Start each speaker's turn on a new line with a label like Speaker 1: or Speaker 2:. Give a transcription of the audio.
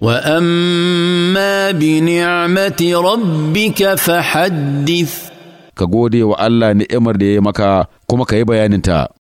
Speaker 1: واما بنعمه ربك فحدث كغودي والله نعمر دي مكا كما كاي بيانينتا